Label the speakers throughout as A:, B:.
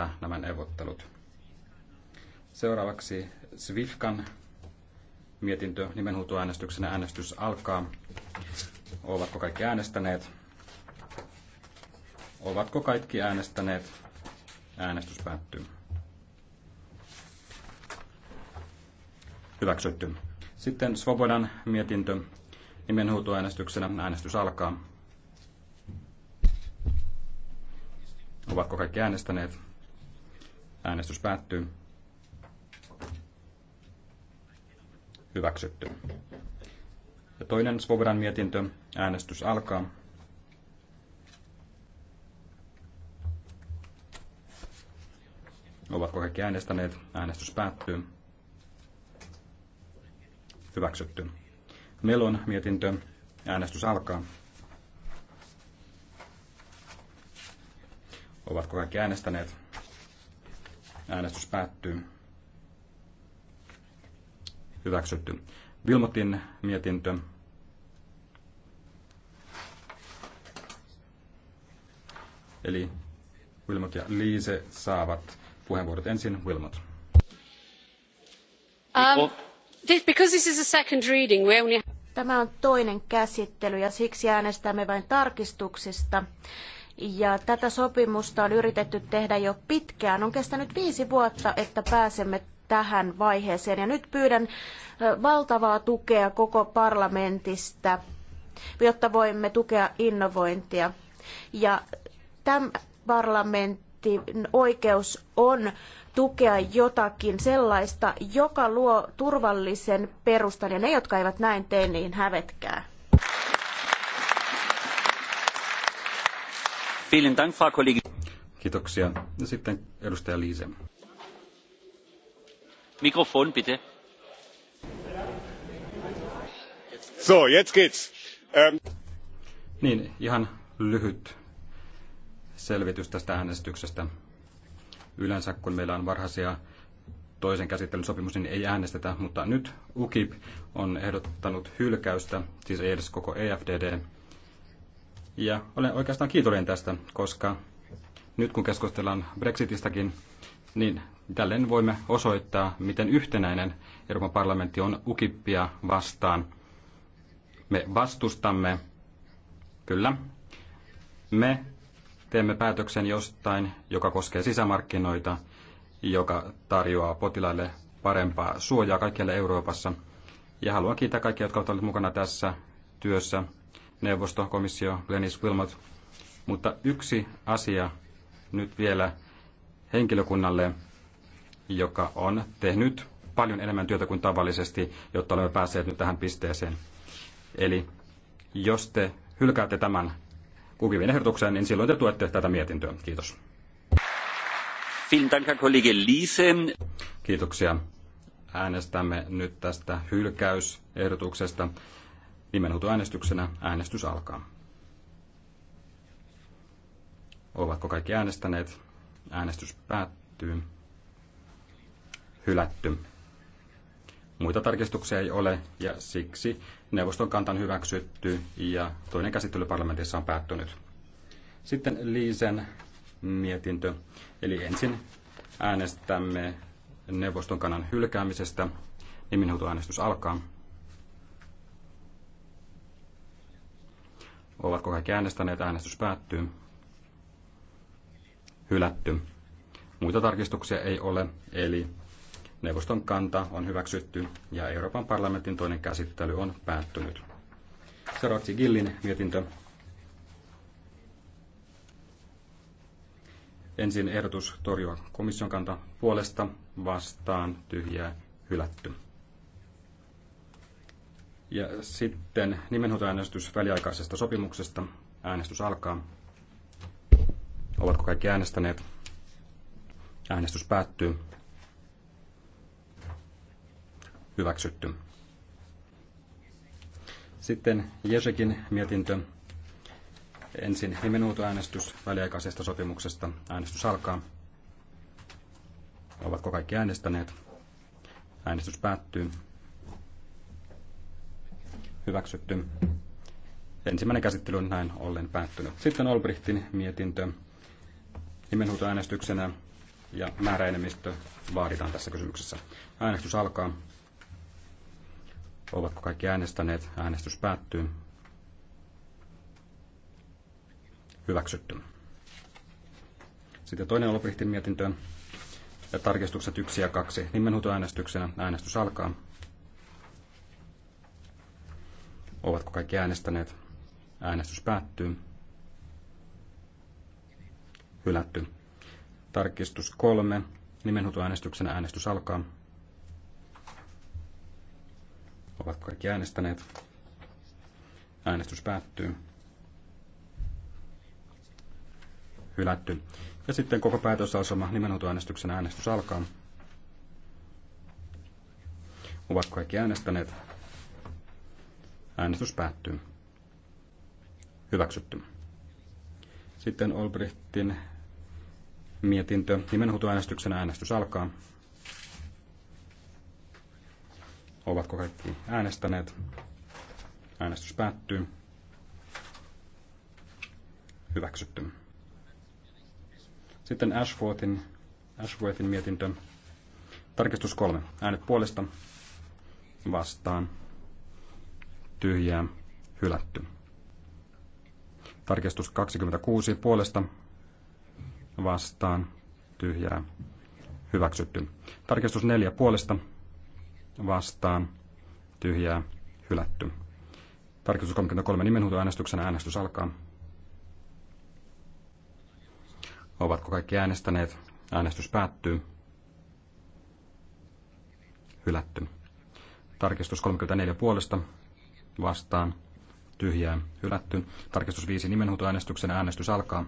A: päättää nämä neuvottelut. Seuraavaksi Svifkan mietintö nimenhuutoäänestyksenä äänestys alkaa. Ovatko kaikki äänestäneet? Ovatko kaikki äänestäneet? Äänestys päättyy. Hyväksytty. Sitten Svobodan mietintö nimenhuutoäänestyksenä äänestys alkaa. Ovatko kaikki äänestäneet? Äänestys päättyy. Hyväksytty. Ja toinen Svobodan mietintö. Äänestys alkaa. Ovatko kaikki äänestäneet? Äänestys päättyy. Hyväksytty. Melon mietintö. Äänestys alkaa. Ovatko kaikki äänestäneet? Äänestys päättyy. Hyväksytty. Vilmotin mietintö. Eli Wilmot ja Liise saavat puheenvuorot ensin. Wilmot. Um, this, because this is a second reading, we only... Tämä on toinen käsittely ja siksi äänestämme vain tarkistuksista. Ja tätä sopimusta on yritetty tehdä jo pitkään. On kestänyt viisi vuotta, että pääsemme tähän vaiheeseen. Ja nyt pyydän valtavaa tukea koko parlamentista, jotta voimme tukea innovointia. Ja tämä parlamentin oikeus on tukea jotakin sellaista, joka luo turvallisen perustan. Ja ne, jotka eivät näin tee, niin hävetkää. Kiitoksia. Ja sitten edustaja Liise. Mikrofon, bitte. So, jetzt geht's. Ähm. Niin, ihan lyhyt selvitys tästä äänestyksestä. Yleensä kun meillä on varhaisia toisen käsittelyn sopimus, niin ei äänestetä, mutta nyt UKIP on ehdottanut hylkäystä, siis ei edes koko EFDD, ja olen oikeastaan kiitollinen tästä, koska nyt kun keskustellaan Brexitistäkin, niin tälleen voimme osoittaa, miten yhtenäinen Euroopan parlamentti on ukippia vastaan. Me vastustamme, kyllä, me teemme päätöksen jostain, joka koskee sisämarkkinoita, joka tarjoaa potilaille parempaa suojaa kaikkialle Euroopassa. Ja haluan kiittää kaikkia, jotka ovat olleet mukana tässä työssä neuvosto, komissio, Glenis Wilmot. Mutta yksi asia nyt vielä henkilökunnalle, joka on tehnyt paljon enemmän työtä kuin tavallisesti, jotta olemme päässeet nyt tähän pisteeseen. Eli jos te hylkäätte tämän kuvivin ehdotuksen, niin silloin te tuette tätä mietintöä. Kiitos. Kiitoksia. Äänestämme nyt tästä hylkäysehdotuksesta. Nimenhuutoäänestyksenä äänestys alkaa. Ovatko kaikki äänestäneet? Äänestys päättyy. Hylätty. Muita tarkistuksia ei ole ja siksi neuvoston kanta on hyväksytty ja toinen käsittely parlamentissa on päättynyt. Sitten Liisen mietintö. Eli ensin äänestämme neuvoston kannan hylkäämisestä. Nimenhuutoäänestys alkaa. Ovatko kaikki äänestäneet? Äänestys päättyy. Hylätty. Muita tarkistuksia ei ole, eli neuvoston kanta on hyväksytty ja Euroopan parlamentin toinen käsittely on päättynyt. Seuraavaksi Gillin mietintö. Ensin ehdotus torjua komission kanta puolesta vastaan tyhjää hylätty. Ja sitten nimenhuutoäänestys väliaikaisesta sopimuksesta. Äänestys alkaa. Ovatko kaikki äänestäneet? Äänestys päättyy. Hyväksytty. Sitten Jesekin mietintö. Ensin nimenhuutoäänestys väliaikaisesta sopimuksesta. Äänestys alkaa. Ovatko kaikki äänestäneet? Äänestys päättyy hyväksytty. Ensimmäinen käsittely on näin ollen päättynyt. Sitten Olbrichtin mietintö nimenhuutoäänestyksenä ja määräenemmistö vaaditaan tässä kysymyksessä. Äänestys alkaa. Ovatko kaikki äänestäneet? Äänestys päättyy. Hyväksytty. Sitten toinen Olbrichtin mietintö ja tarkistukset 1 ja 2 nimenhuutoäänestyksenä. Äänestys alkaa. Ovatko kaikki äänestäneet? Äänestys päättyy. Hylätty. Tarkistus kolme. Nimenhutuäänestyksen äänestys alkaa. Ovatko kaikki äänestäneet? Äänestys päättyy. Hylätty. Ja sitten koko päätösasema nimenhutuäänestyksen äänestys alkaa. Ovatko kaikki äänestäneet? Äänestys päättyy. Hyväksytty. Sitten Olbrichtin mietintö. Nimenhuutoäänestyksen äänestys alkaa. Ovatko kaikki äänestäneet? Äänestys päättyy. Hyväksytty. Sitten Ashworthin, Ashworthin mietintö. Tarkistus kolme. Äänet puolesta vastaan tyhjää hylätty. Tarkistus 26 puolesta vastaan tyhjää hyväksytty. Tarkistus 4 puolesta vastaan tyhjää hylätty. Tarkistus 33 nimenhuutoäänestyksen äänestys alkaa. Ovatko kaikki äänestäneet? Äänestys päättyy. Hylätty. Tarkistus 34 puolesta vastaan tyhjää hylätty. Tarkistus 5 nimenhuutoäänestyksen äänestys alkaa.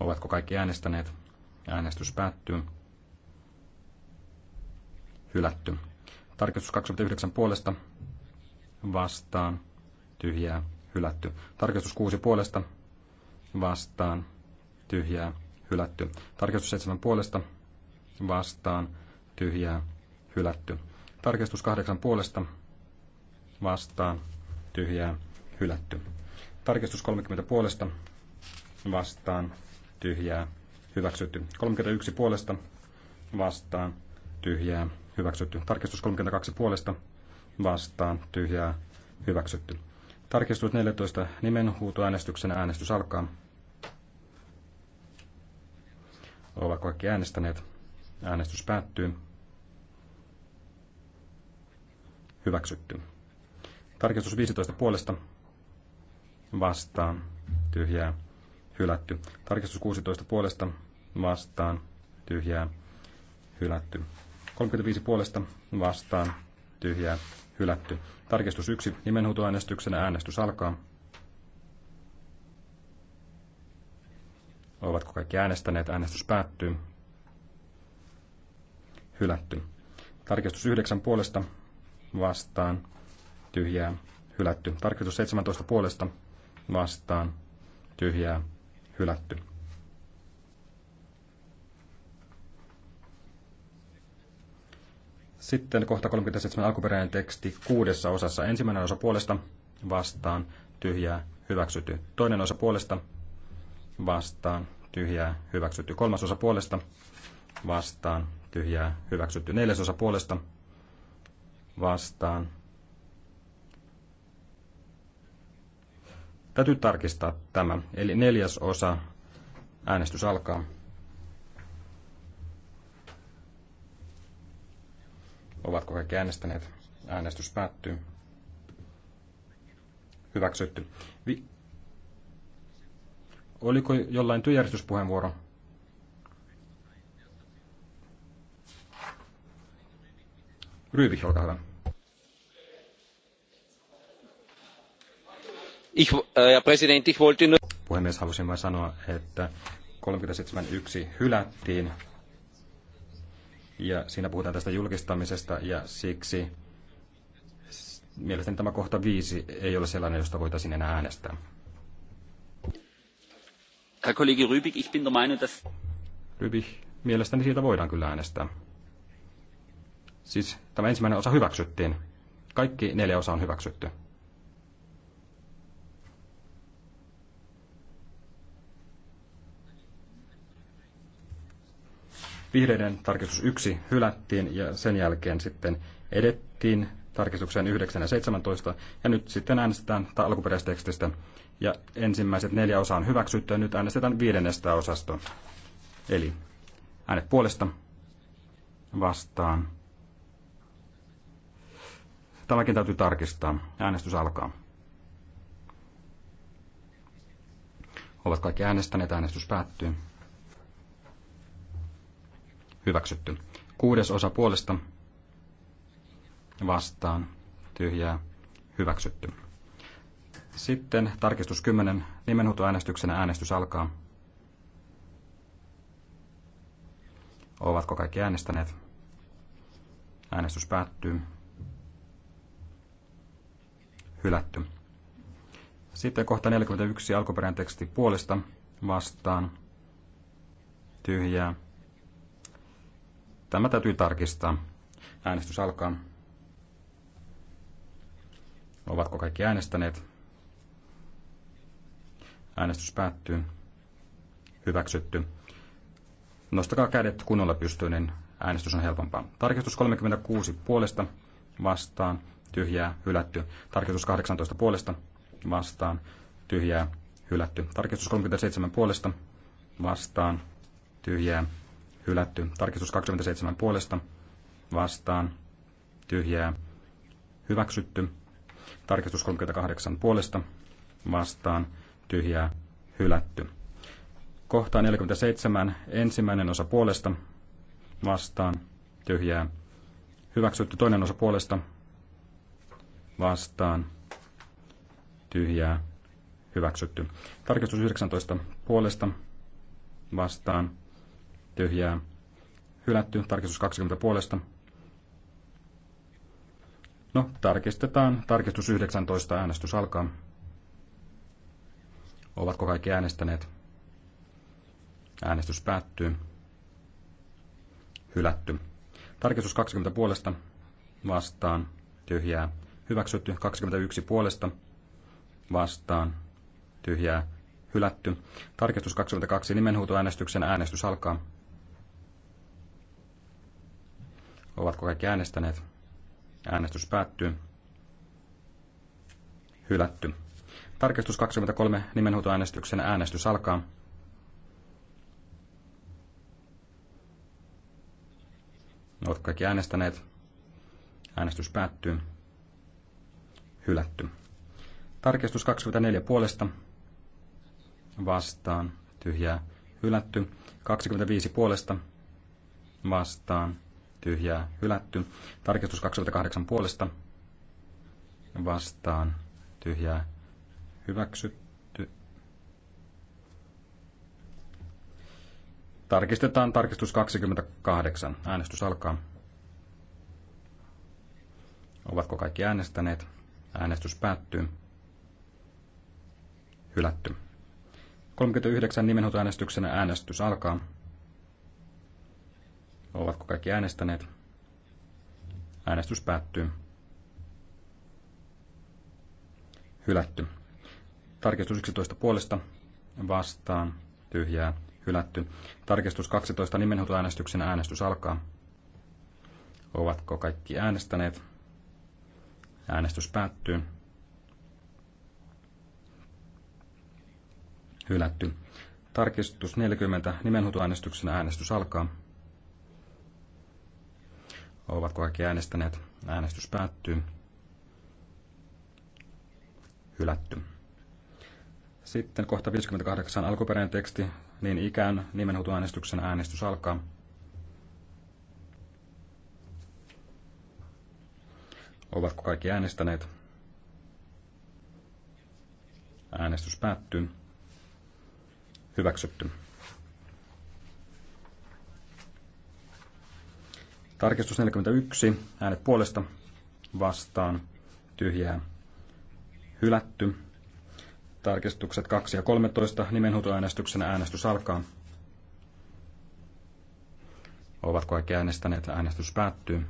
A: Ovatko kaikki äänestäneet? Äänestys päättyy. Hylätty. Tarkistus 29 puolesta vastaan tyhjää hylätty. Tarkistus 6 puolesta vastaan tyhjää hylätty. Tarkistus 7 puolesta vastaan tyhjää hylätty. Tarkistus kahdeksan puolesta vastaan tyhjää hylätty. Tarkistus 30 puolesta vastaan tyhjää hyväksytty. 31 puolesta vastaan tyhjää hyväksytty. Tarkistus 32 puolesta vastaan tyhjää hyväksytty. Tarkistus 14 nimenhuutoäänestyksenä äänestys alkaa. Ovatko kaikki äänestäneet? Äänestys päättyy. Hyväksytty. Tarkistus 15 puolesta vastaan tyhjää hylätty. Tarkistus 16 puolesta vastaan tyhjää hylätty. 35 puolesta vastaan tyhjää hylätty. Tarkistus 1 nimenhuutoäänestyksenä äänestys alkaa. Ovatko kaikki äänestäneet? Äänestys päättyy. Hylätty. Tarkistus 9 puolesta vastaan, tyhjää, hylätty. Tarkistus 17 puolesta vastaan, tyhjää, hylätty. Sitten kohta 37 alkuperäinen teksti kuudessa osassa. Ensimmäinen osa puolesta vastaan, tyhjää, hyväksytty. Toinen osa puolesta vastaan, tyhjää, hyväksytty. Kolmas osa puolesta vastaan, tyhjää, hyväksytty. Neljäs osa puolesta vastaan. Täytyy tarkistaa tämä. Eli neljäs osa. Äänestys alkaa. Ovatko kaikki äänestäneet? Äänestys päättyy. Hyväksytty. Vi- Oliko jollain työjärjestyspuheenvuoro? Ryyvi, olkaa hyvä. Äh, Puhemies, halusin vain sanoa, että 37.1 hylättiin ja siinä puhutaan tästä julkistamisesta ja siksi mielestäni tämä kohta viisi ei ole sellainen, josta voitaisiin enää äänestää. Herr Kollege Rübig, ich bin der Meinung, dass... Rübig, mielestäni siitä voidaan kyllä äänestää. Siis tämä ensimmäinen osa hyväksyttiin. Kaikki neljä osaa on hyväksytty. Vihreiden tarkistus 1 hylättiin ja sen jälkeen sitten edettiin tarkistukseen 9 ja 17. Ja nyt sitten äänestetään alkuperäistekstistä. Ja ensimmäiset neljä osaa on hyväksytty ja nyt äänestetään viidennestä osasta. Eli äänet puolesta vastaan. Tämäkin täytyy tarkistaa. Äänestys alkaa. Ovat kaikki äänestäneet, äänestys päättyy. Hyväksytty. Kuudes osa puolesta vastaan tyhjää hyväksytty. Sitten tarkistus 10. Nimenhuutoäänestyksenä äänestys alkaa. Ovatko kaikki äänestäneet? Äänestys päättyy. Hylätty. Sitten kohta 41 alkuperäinen teksti puolesta vastaan tyhjää Tämä täytyy tarkistaa. Äänestys alkaa. Ovatko kaikki äänestäneet? Äänestys päättyy. Hyväksytty. Nostakaa kädet kunnolla pystyyn, niin äänestys on helpompaa. Tarkistus 36 puolesta vastaan, tyhjää, hylätty. Tarkistus 18 puolesta vastaan, tyhjää, hylätty. Tarkistus 37 puolesta vastaan, tyhjää, hylätty. Tarkistus 27 puolesta vastaan tyhjää hyväksytty. Tarkistus 38 puolesta vastaan tyhjää hylätty. Kohta 47 ensimmäinen osa puolesta vastaan tyhjää hyväksytty. Toinen osa puolesta vastaan tyhjää hyväksytty. Tarkistus 19 puolesta vastaan tyhjää hylätty, tarkistus 20 puolesta. No, tarkistetaan. Tarkistus 19, äänestys alkaa. Ovatko kaikki äänestäneet? Äänestys päättyy. Hylätty. Tarkistus 20 puolesta vastaan tyhjää. Hyväksytty 21 puolesta vastaan tyhjää. Hylätty. Tarkistus 22 nimenhuutoäänestyksen äänestys alkaa. Ovatko kaikki äänestäneet? Äänestys päättyy. Hylätty. Tarkistus 23 nimenhuutoäänestyksen äänestys alkaa. Ovatko kaikki äänestäneet? Äänestys päättyy. Hylätty. Tarkistus 24 puolesta. Vastaan. Tyhjää. Hylätty. 25 puolesta. Vastaan tyhjää hylätty. Tarkistus 28 puolesta vastaan tyhjää hyväksytty. Tarkistetaan tarkistus 28. Äänestys alkaa. Ovatko kaikki äänestäneet? Äänestys päättyy. Hylätty. 39 nimenhoitoäänestyksenä äänestys alkaa. Ovatko kaikki äänestäneet? Äänestys päättyy. Hylätty. Tarkistus 11 puolesta vastaan tyhjää hylätty. Tarkistus 12 nimenhuutoäänestyksen äänestys alkaa. Ovatko kaikki äänestäneet? Äänestys päättyy. Hylätty. Tarkistus 40 nimenhuutoäänestyksen äänestys alkaa. Ovatko kaikki äänestäneet? Äänestys päättyy. Hylätty. Sitten kohta 58 alkuperäinen teksti, niin ikään nimenhuutoäänestyksen äänestys alkaa. Ovatko kaikki äänestäneet? Äänestys päättyy. Hyväksytty. Tarkistus 41, äänet puolesta vastaan, tyhjää, hylätty. Tarkistukset 2 ja 13, nimenhuutoäänestyksenä äänestys alkaa. Ovatko kaikki äänestäneet? Äänestys päättyy.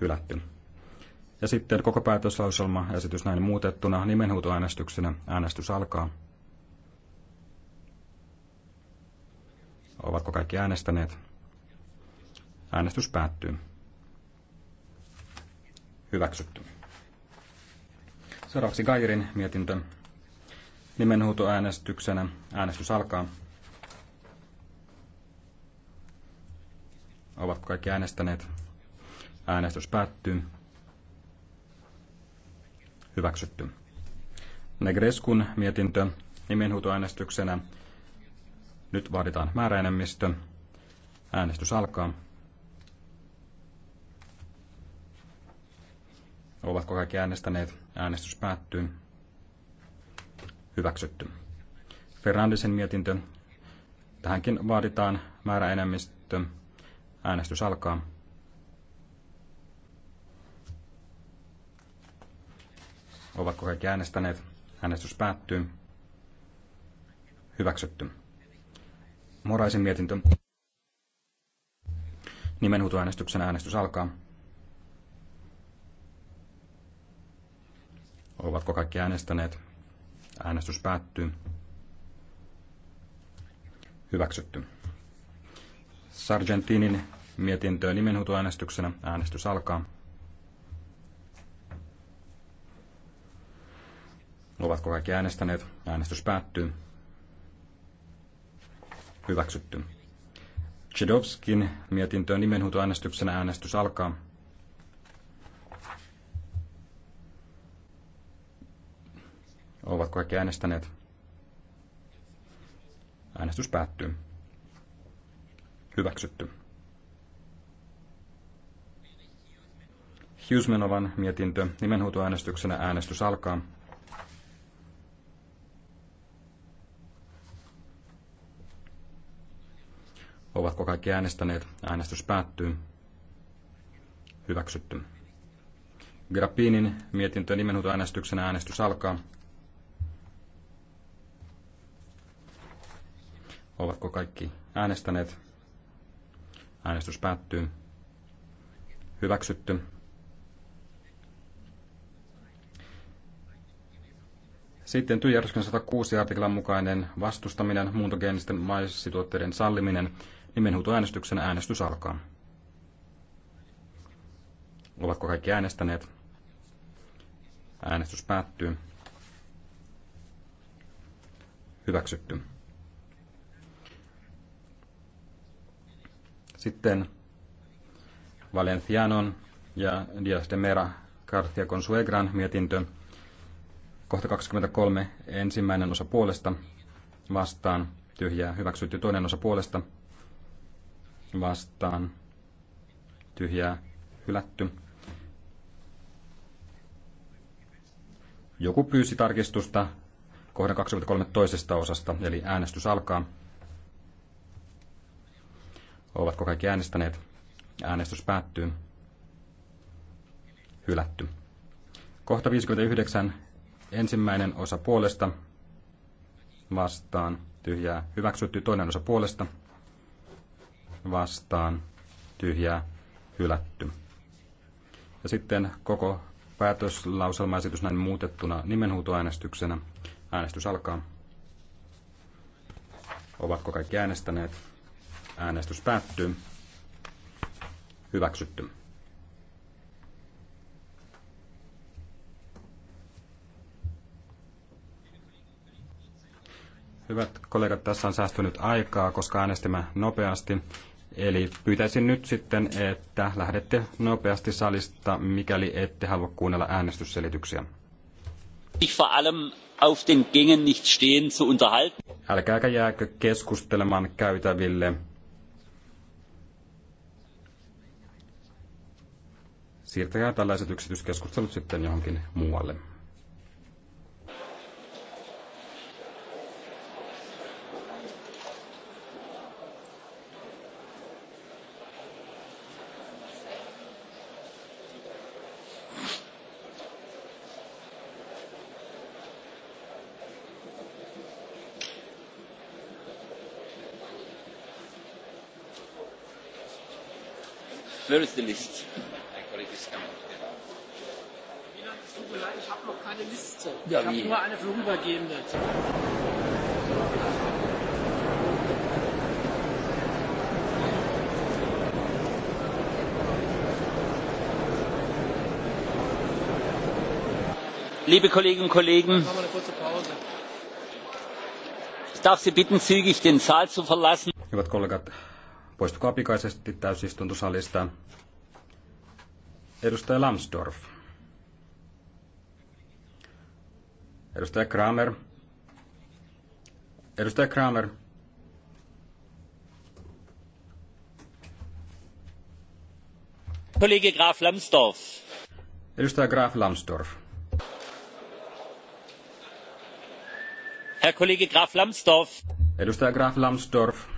A: Hylätty. Ja sitten koko päätöslauselma esitys näin muutettuna nimenhuutoäänestyksenä. Äänestys alkaa. Ovatko kaikki äänestäneet? Äänestys päättyy. Hyväksytty. Seuraavaksi Gairin mietintö. äänestyksenä. äänestys alkaa. Ovatko kaikki äänestäneet? Äänestys päättyy. Hyväksytty. Negreskun mietintö nimenhuutoäänestyksenä nyt vaaditaan määräenemmistö. Äänestys alkaa. Ovatko kaikki äänestäneet? Äänestys päättyy. Hyväksytty. Ferrandisen mietintö. Tähänkin vaaditaan määräenemmistö. Äänestys alkaa. Ovatko kaikki äänestäneet? Äänestys päättyy. Hyväksytty. Moraisin mietintö. Nimenhuutoäänestyksen äänestys alkaa. Ovatko kaikki äänestäneet? Äänestys päättyy. Hyväksytty. Sargentinin mietintöön nimenhuutoäänestyksenä äänestys alkaa. Ovatko kaikki äänestäneet? Äänestys päättyy. Hyväksytty. Chedovskin mietintöön nimenhuutoäänestyksenä äänestys alkaa. Ovatko kaikki äänestäneet? Äänestys päättyy. Hyväksytty. Hiusmenovan mietintö nimenhuutoäänestyksenä äänestys alkaa. Ovatko kaikki äänestäneet? Äänestys päättyy. Hyväksytty. Grappinin mietintö äänestyksenä äänestys alkaa. Ovatko kaikki äänestäneet? Äänestys päättyy. Hyväksytty. Sitten työjärjestyksen 106 artiklan mukainen vastustaminen, muuntogeenisten maissituotteiden salliminen Nimenhuutoäänestyksen äänestys alkaa. Ovatko kaikki äänestäneet? Äänestys päättyy. Hyväksytty. Sitten Valencianon ja Dias de Mera Cartia Consuegran mietintö. Kohta 23 ensimmäinen osa puolesta vastaan tyhjää hyväksytty toinen osa puolesta vastaan tyhjää hylätty. Joku pyysi tarkistusta kohdan 23 toisesta osasta, eli äänestys alkaa. Ovatko kaikki äänestäneet? Äänestys päättyy. Hylätty. Kohta 59. Ensimmäinen osa puolesta vastaan tyhjää hyväksytty, toinen osa puolesta vastaan tyhjää hylätty. Ja sitten koko päätöslauselmaesitys näin muutettuna nimenhuutoäänestyksenä. Äänestys alkaa. Ovatko kaikki äänestäneet? Äänestys päättyy. Hyväksytty. Hyvät kollegat, tässä on säästynyt aikaa, koska äänestimme nopeasti. Eli pyytäisin nyt sitten, että lähdette nopeasti salista, mikäli ette halua kuunnella äänestysselityksiä. Ich vor allem auf den Gängen nicht stehen zu unterhalten. Älkääkä jääkö keskustelemaan käytäville. Siirtäkää tällaiset yksityiskeskustelut sitten johonkin muualle. Tut mir leid, ich habe noch keine Liste. Ja, ich habe nur eine vorübergehende. Liebe Kolleginnen und Kollegen, ich darf Sie bitten, zügig den Saal zu verlassen. Hyvät kollegat, Poistukaa pikaisesti täysistuntosalista. Edustaja Lambsdorff. Edustaja Kramer. Edustaja Kramer. Kollege Graf Lambsdorff. Edustaja Graf Lambsdorff. Herr Kollege Graf Lambsdorff. Edustaja Graf Lambsdorff.